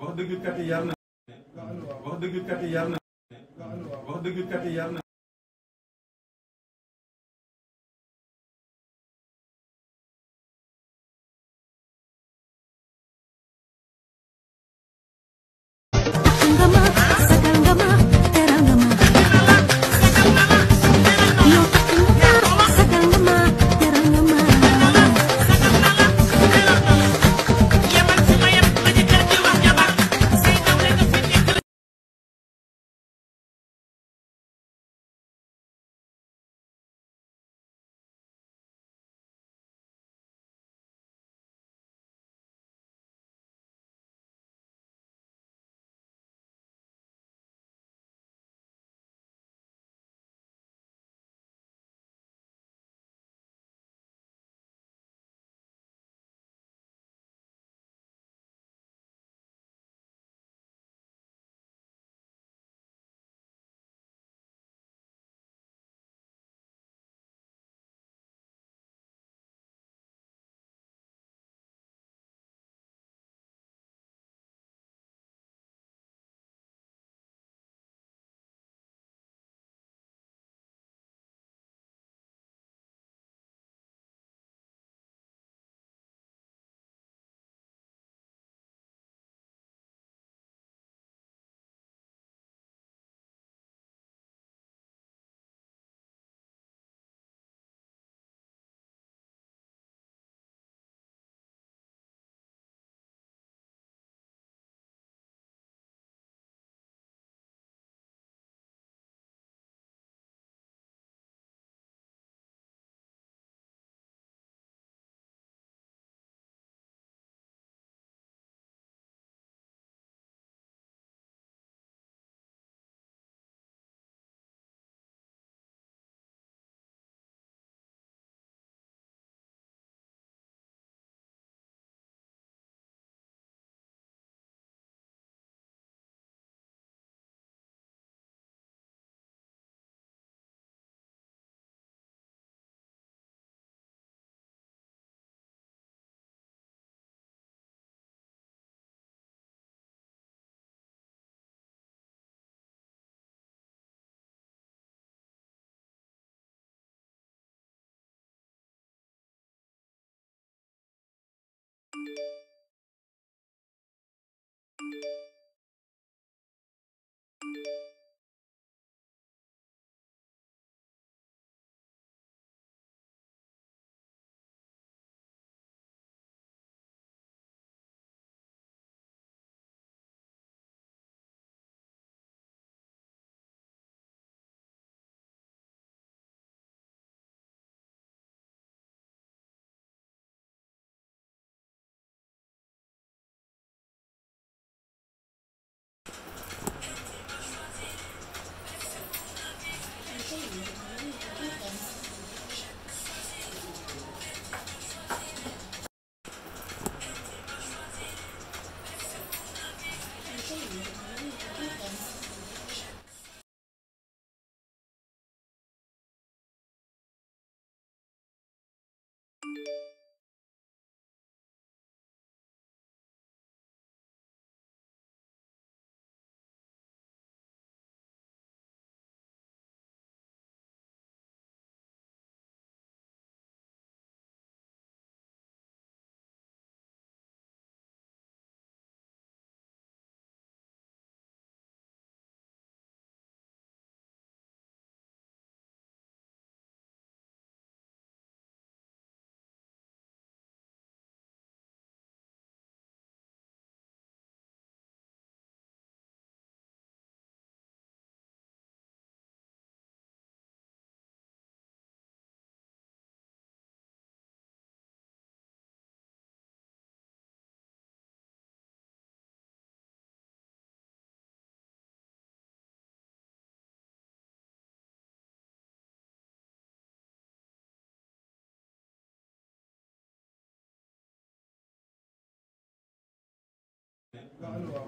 wax dëgg kat yar na wax dëgg kat yar na wax dëgg kat yar na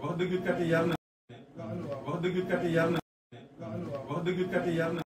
wax dëgg kat yar na wax dëgg kat yar na wax dëgg kat yar na